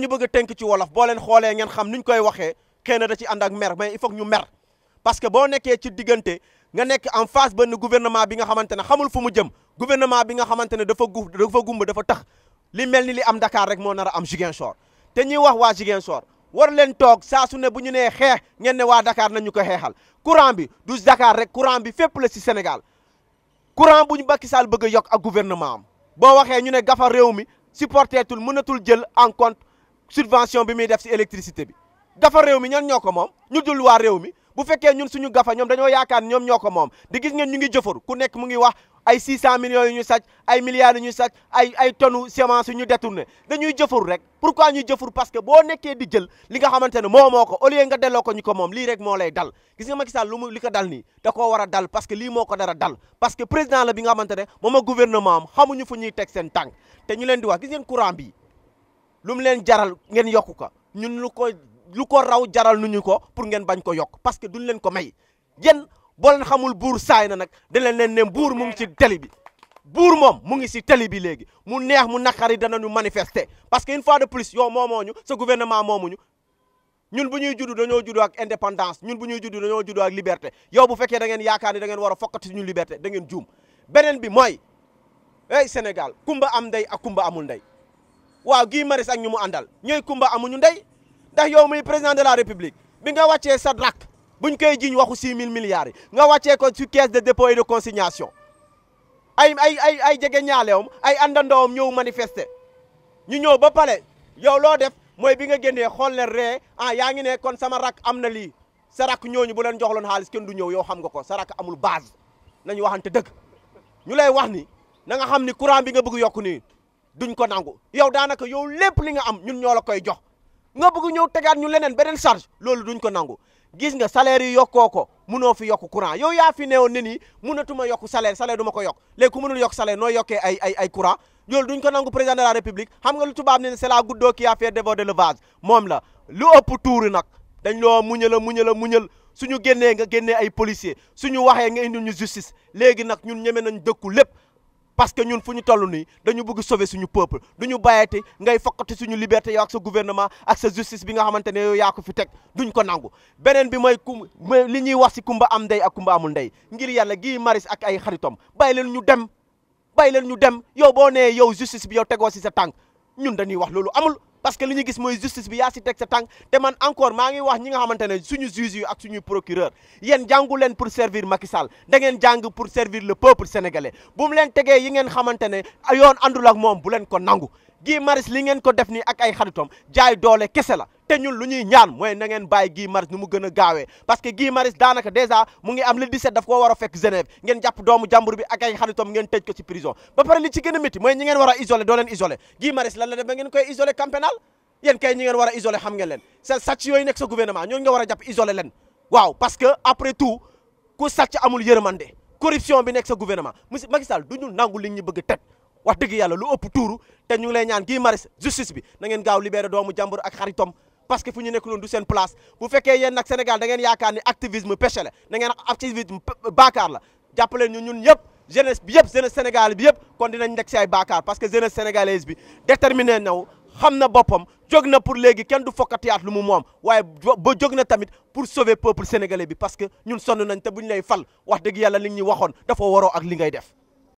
ñu bëgg a tënk ci wolof boo leen xoolee ngeen xam ñu koy waxee xëy da ci ànd ak mer mais il faut ñu mer parce que boo nekkee ci diggante nga nekk en face benn gouvernement bi nga xamante ne xamul fu mu jëm gouvernement bi nga xamante ne dafa gu dafa gumba dafa tax li mel ni li am Dakar rek moo nar a am Ziguinchor te ñuy wax waa Ziguinchor war leen toog saa su ne bu ñu nee xeex ngeen ne waa Dakar nañu ko xeexal courant bi du Dakar rek courant bi fépp la si Sénégal courant bu ñu Macky Sall bëgg yokk ak gouvernement boo waxee ñu ne gafa réew mi supporteetul mënatul jël en subvention bi muy def si électricité bi dafa réew mi ñan ñoo ko moom ñu dul waa réew mi bu fekkee ñun suñu gafa ñoom dañoo yaakaar ñoom ñoo ko moom di gis ngeen ñu ngi jëfaru ku nekk mu ngi wax ay 600 millions yu ñu sàcc ay milliards ñu sàcc ay ay tonnes semence yu ñu détourné dañuy jëfaru rek pourquoi ñuy jëfaru parce que boo nekkee di jël li nga xamante ne moo moo ko au lieu nga delloo ko ñu ko moom li rek moo lay dal gis nga Macky Sall lu mu li ko dal ni da koo war a que lii moo ko dara dal parce que président la bi nga xamante ne moom ak gouvernement am ñuy teg tànk ñu leen di wax gis ngeen lu mu leen jaral ngeen yokku ko ñun lu ko lu ko raw jaral ñu ko pour ngeen bañ ko yokk parce que duñ leen ko may yéen boo leen xamul buur saay na nag da leen leen ne buur mu ngi ci télé bi buur moom mu ngi si télé bi léegi mu neex mu naqari ñu manifester parce que une fois de plus yow moomooñu sa gouvernement ñu ñun bu ñuy juddu dañoo juddu ak indépendance ñun bu ñuy juddu dañoo juddu ak liberté yow bu fekkee da ngeen yaakaar ni da ngeen war a fokkati ñu liberté ngeen juum beneen bi mooy Sénégal kumba am ndey ak kumba amul ndey waaw Guy Marius ak ñu mu àndal ñooy kumba amuñu ndey ndax yow muy président de la république bi nga wàccee sa rakk buñ koy jiñ waxu 6000 mille yi nga wàccee ko ci caisse de dépôt et de consignation ay ay ay ay jege ñaaleewam ay àndandoowam ñëw manifester ñu ñëw ba pale yow loo def mooy bi nga génnee xool ne ree ah yaa ngi ne kon sama rak am na lii sa rakk ñooñu bu leen joxloon xaalis kenn du ñëw yow xam nga ko sa rakk amul base nañu waxante dëgg ñu lay wax ni na xam ni courant bi nga bëgg yokku nii duñ ko nangu yow daanaka yow lépp li nga am ñun ñoo la koy jox nga bëgg ñëw tegaat ñu leneen beneen charge loolu duñ ko nangu gis nga salaire yi yokkoo ko munoo fi yokk courant yow yaa fi neewoon ne nii munatuma yokk salaire salaire du ko yokk léegi ku mënul yokk salaire nooy yokkee ay ay ay courant ko nangu président de la république xam nga lu tubaab ne c'est la goutte d'eau qui a fait déborder le vase moom la lu ëpp tuuri nag dañ loo muñal a muñal a muñal suñu génnee nga génnee ay policier suñu waxee nga indil ñu justice léegi nag ñun ñeme nañ dëkku lépp parce que ñun fu ñu toll nii dañu bëgg sauver suñu peuple ñu bàyyati ngay fokkati suñu liberté yow ak sa gouvernement ak sa justice bi nga xamante ne yow yaa ko fi teg duñ ko nangu beneen bi mooy kum li ñuy wax si kumba am ndey a kumba amul ndey ngir yàlla gii maris ak ay xaritom bàyyi leen ñu dem bay leen ñu dem yow boo nee yow justice bi yow tegoo si sa tànk ñun dañuy wax loolu amul parce que li ñu gis mooy justice bi yaa si teg sa tànk te man encore maa ngi wax ñi nga xamante ne suñu juges yu ak suñu procureur yéen jàngu leen pour servir Macky Sall da ngeen jàng pour servir le peuple sénégalais bu mu leen tegee yi ngeen xamante ne yoon àndul ak moom bu leen ko nangu gi Marius li ngeen ko def nii ak ay xaritom jaay doole kese la te ñun lu ñuy ñaan mooy na ngeen bàyyi Guy nu mu gën a parce que Guy Marius daanaka déjà mu ngi am le 17 daf ko war a ngeen jàpp doomu jàmbur bi ak ay xaritam ngeen tëj ko ci prison ba pare li ci gën a mooy ñi ngeen war a isolé doo leen isolé Guy Marius lan la def ba ngeen koy isolé camp pénal yéen kay ñi ngeen war a isolé xam ngeen leen seen sàcc yooyu nekk gouvernement ñooñu nga war a jàpp leen waaw parce que après tout ku sàcc bi nekk sa gouvernement monsieur Macky Sall du ñu nangu li ñu bëgg teg ngeen gaaw libéré doomu jàmbur ak xaritom parce que fu ñu nekk noonu du seen place bu fekkee yéen nag Sénégal da ngeen yaakaar ni activisme péché la da ngeen activisme la jàppaleen ñu ñun yëpp jeunesse bi yëpp jeunesse sénégalais bi yëpp kon dinañ nekk si ay baakaar parce que jeunesse sénégalaise bi déterminé naw xam na boppam jóg na pour léegi kenn du fokkatiyaat lu mu moom waaye ba jóg na tamit pour sauver peuple sénégalais bi parce que ñun sonn nañ te buñ lay fal wax dëgg yàlla li ñuy waxoon dafa waroo ak li ngay def